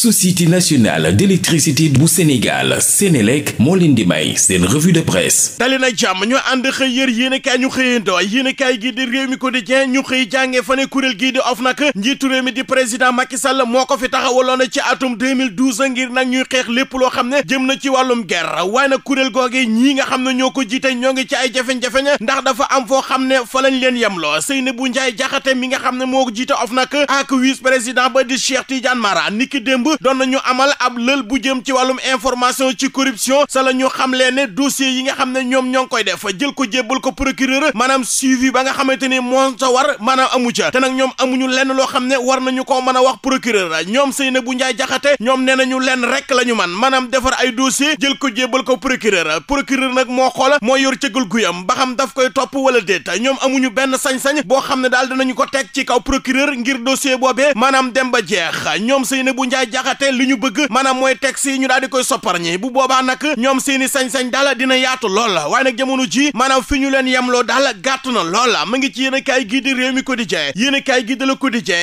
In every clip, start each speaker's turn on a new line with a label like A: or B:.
A: société nationale d'électricité bu Sénégal Sénélec moo leen di may seen revue de presse dali na jàmm ñu ànd xëy yër yéenekaay ñu xëyandoo yéenekaay gi di réew mi quotidien ñu xëy jàngee fa kuréel gii di OFNAC njiitu mi di président Macky Sall moo ko fi taxawaloon ci atum ngir nag ñuy xeex lépp loo xam ne jëm na ci wàllum guerre waaye nag kuréel googi ñii nga xam ne ñoo ko jiite ñoo ngi ci ay jafe-jafe ndax dafa am foo xam ne fa lañ leen yemloo Seynabou Ndiaye Jaxate mi nga xam ne moo ko jiite OFNAC ak vice ba di Cheikh Tidiane doon nañu amal ab lël bu jëm ci wàllum information ci corruption sa la xam xamlee ne dossier yi nga xam ne ñoom ñoo ngi koy def jël ko jébbal ko procureur maanaam suivi ba nga xamante ni moom sa war maanaam amu ca te nag ñoom amuñu lenn loo xam ne war nañu ko mën a wax procureur ñoom Seynabou Ndiaye Diakhaté ñoom nee nañu lenn rek la ñu man maanaam defar ay dossier jël ko jébbal ko procureur procureur nag moo xool moo yor cëggal guyam ba xam daf koy topp wala déet ñoom amuñu benn sañ-sañ boo xam ne daal danañu ko teg ci kaw procureur ngir dossier boobee maanaam dem ba jeex ñoom Seynabou Ndiaye jaxate li ñu bëgg maanaam mooy texte yi ñu daal di koy sopparñi bu boobaa nag ñoom seeni sañ-sañ daal dina yaatu lool waaye nag jamono ji maanaam fi ñu leen yemloo daal gàtt na lool mu ngi ci yéenekaay gi di Rewmi Quotidien yéenekaay gi di Le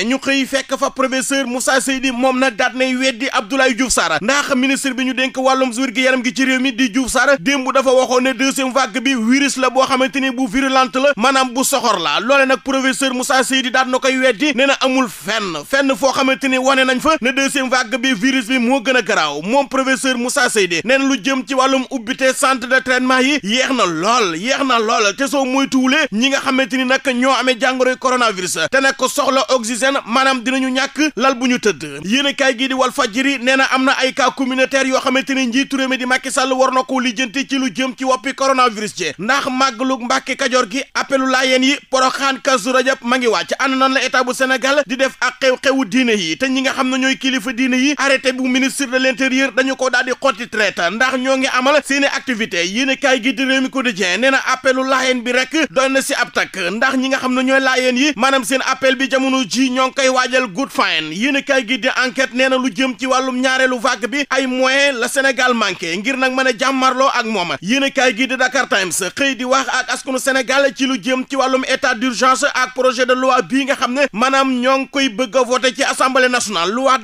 A: ñu xëy fekk fa professeur Moussa Seydi moom nag daat nay weddi Abdoulaye Diouf Sarr ndax ministre bi ñu dénk wàllum wér gi yaram gi ci réew mi di Diouf Sarr démb dafa waxoon ne deuxième vague bi virus la bu virulente la maanaam bu soxor la loole nag professeur Moussa Seydi daat na koy weddi nee na amul fenn fenn foo xamante ni wane nañ fa ne vague bi virus bi moo gën a garaaw moom professeur Moussa Seydi nee na lu jëm ci wàllum ubbite centre de traitement yi yeex na lool yeex na lool te soo moytuwulee ñi nga xamante ni nag ñoo amee jàngoroy coronavirus te nag soxla oxygène maanaam ñu ñàkk lal bu ñu tëdd yéen kaay gii di Walf Fadjri nee na am na ay cas communautaire yoo xamante ni njiitu réew mi di Macky Sall war na ko lijjanti ci lu jëm ci woppi coronavirus ci ndax màggalu Mbàkke Kajoor gi appelu laayeen yi Poroxaan Kazu Rajab ma ngi wàcc ànd nan la état di def ak xew yi te ñi nga xam ne ñooy kilifa diine yi arrêté bu ministre de l'intérieur dañu ko daal di xotti traite ndax ñoo ngi amal seeni activité yéen a kaay gi di Rewmi Quotidien nee na appelu laayeen bi rek doy na si ab takk ndax ñi nga xam ne ñooy laayeen yi maanaam seen appel bi jamono ji ñoo ngi koy waajal good fine yéen a kaay gi di enquête nee lu jëm ci wàllum ñaareelu vague bi ay moyen la Sénégal manqué ngir nag mën a jàmmarloo ak moom a kaay gi di Dakar Times xëy di wax ak askanu Sénégal ci lu jëm ci wàllum état d'urgence ak projet de loi bii nga xam ne maanaam ñoo ngi koy bëgg ci assemblée nationale loi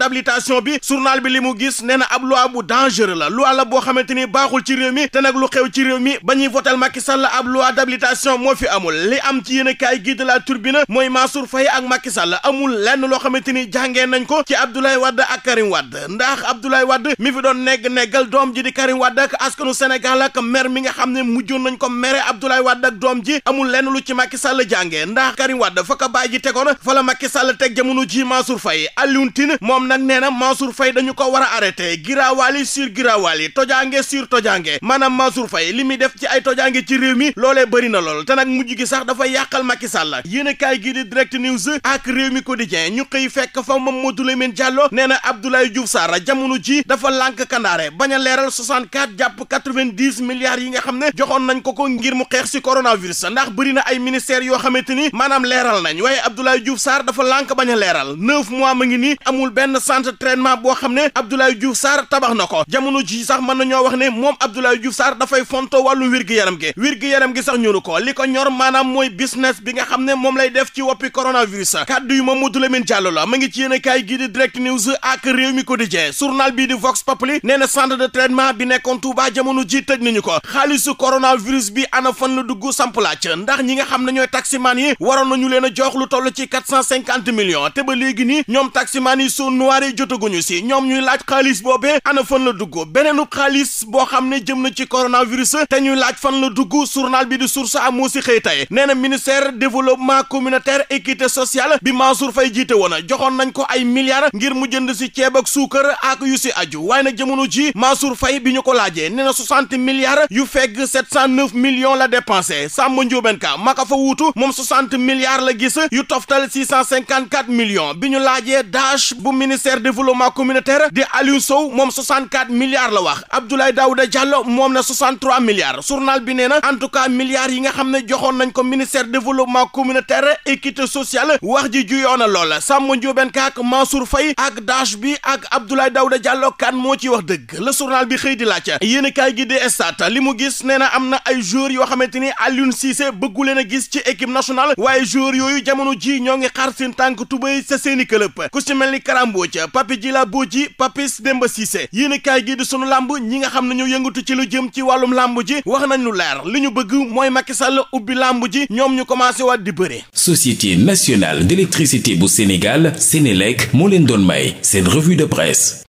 A: bi journal bi li mu gis nee na ab loi bu dangereux la loi la boo xamante ni baaxul ci réew mi te nag lu xew ci réew mi ba ñuy votal Macky Sall ab loi d'habilitation moo fi amul li am ci yéen a kaay gii de la turbine mooy Mansour Faye ak Macky Sall amul lenn loo xamante ni jàngee nañ ko ci Abdoulaye wadd ak Karim wadd ndax Abdoulaye Wade mi fi doon negg neggal doom ji di Karim Wade ak askanu Sénégal ak mer mi nga xam ne mujjoon nañ ko mere Abdoulaye Wade ak doom ji amul lenn lu ci Macky Sall jàngee ndax Karim Wade fa ko bàyyi tegoon fa la Macky Sall teg jamono ji Mansour Faye Alioune Tine moom nag nee na Mansour Faye dañu ko war a arrêté giraawaali sur giraawaali tojange sur tojange maanaam Mansour Faye li muy def ci ay tojange ci réew mi loolee bëri na lool te nag mujj gi sax dafa yàqal Macky Sall yéen a kaay gii di direct news ak réew mi quotidien ñu xëy fekk fa Mamadou Lamine Diallo nee na Abdoulaye Diouf ra jamono ji dafa lank kandaare bañ a leeral 64 jàpp 90 milliards yi nga xam ne joxoon nañ ko ko ngir mu xeex si coronavirus ndax bëri na ay ministères yoo xamante ni maanaam leeral nañ waaye Abdoulaye Diouf Sarr dafa lànk bañ a leeral neuf mois ma nii amul benn centre traitement gouvernement boo xam ne Abdoulaye Diouf Sarr na ko jamono ji sax mën na ñoo wax ne moom Abdoulaye Diouf Sarr dafay fonto gi ko li ko ñor maanaam mooy business bi nga xam ne moom lay def ci woppi coronavirus kàddu yu Mamadou Lamine Diallo bi nekkoon Touba jamono ji tëj nañu ko xaalisu coronavirus bi ana fan la dugg samp laaj ndax ñi nga xam ne ñooy taximaan yi waroon nañu leen a jox lu toll ci quatre cent cinquante millions te ba léegi nii ñoom taximaan yi soo noiré jotagu guñu si ñoom ñuy laaj xaalis boobee ana fan la dugg beneenu xaalis boo xam ne jëm na ci coronavirus te ñuy laaj fan la dugg journal bi di source am moo si xëy tey nee na ministère développement communautaire équité sociale bi Mansour Faye jiite woon a joxoon nañ ko ay milliards ngir mu jënd si ceeb ak suukar ak yu si aju waaye nag jamono ji Mansour Faye bi ñu ko laajee nee na 60 milliards yu fegg 709 millions la dépensé Samba Ndiobène Ka maka fa wuutu moom 60 la gis yu toftal 654 millions bi ñu laajee dash bu ministère développement ma communautaire di Aliou Sow moom 64 la wax Abdoulaye Daouda Diallo moom na 63 milliards bi nee na en tout yi nga xam ne joxoon nañ ko ministère développement communautaire équité sociale wax ji juyoo na loola Samba Ndiobène Ka ak Mansour Faye ak Dash bi ak Abdoulaye Daouda Diallo kan moo ci wax dëgg la journal bi xëy di laajte yéen a kaay gi di Stades li mu gis nee na am na ay joueurs yoo xamante ni Aliou Cissé bëggu leen a gis ci équipe ji la boo ji Papis Demba Cissé yéenekaay gi di sunu làmb ñi nga xam ne ñu yëngatu ci lu jëm ci wàllum làmb ji wax nañ lu leer li ñu bëgg mooy Macky Sall ubbi làmb ji ñoom ñu commencé waat di bëre. Société nationale d'électricité bu Sénégal Sénélec moo leen doon may seen revue de presse.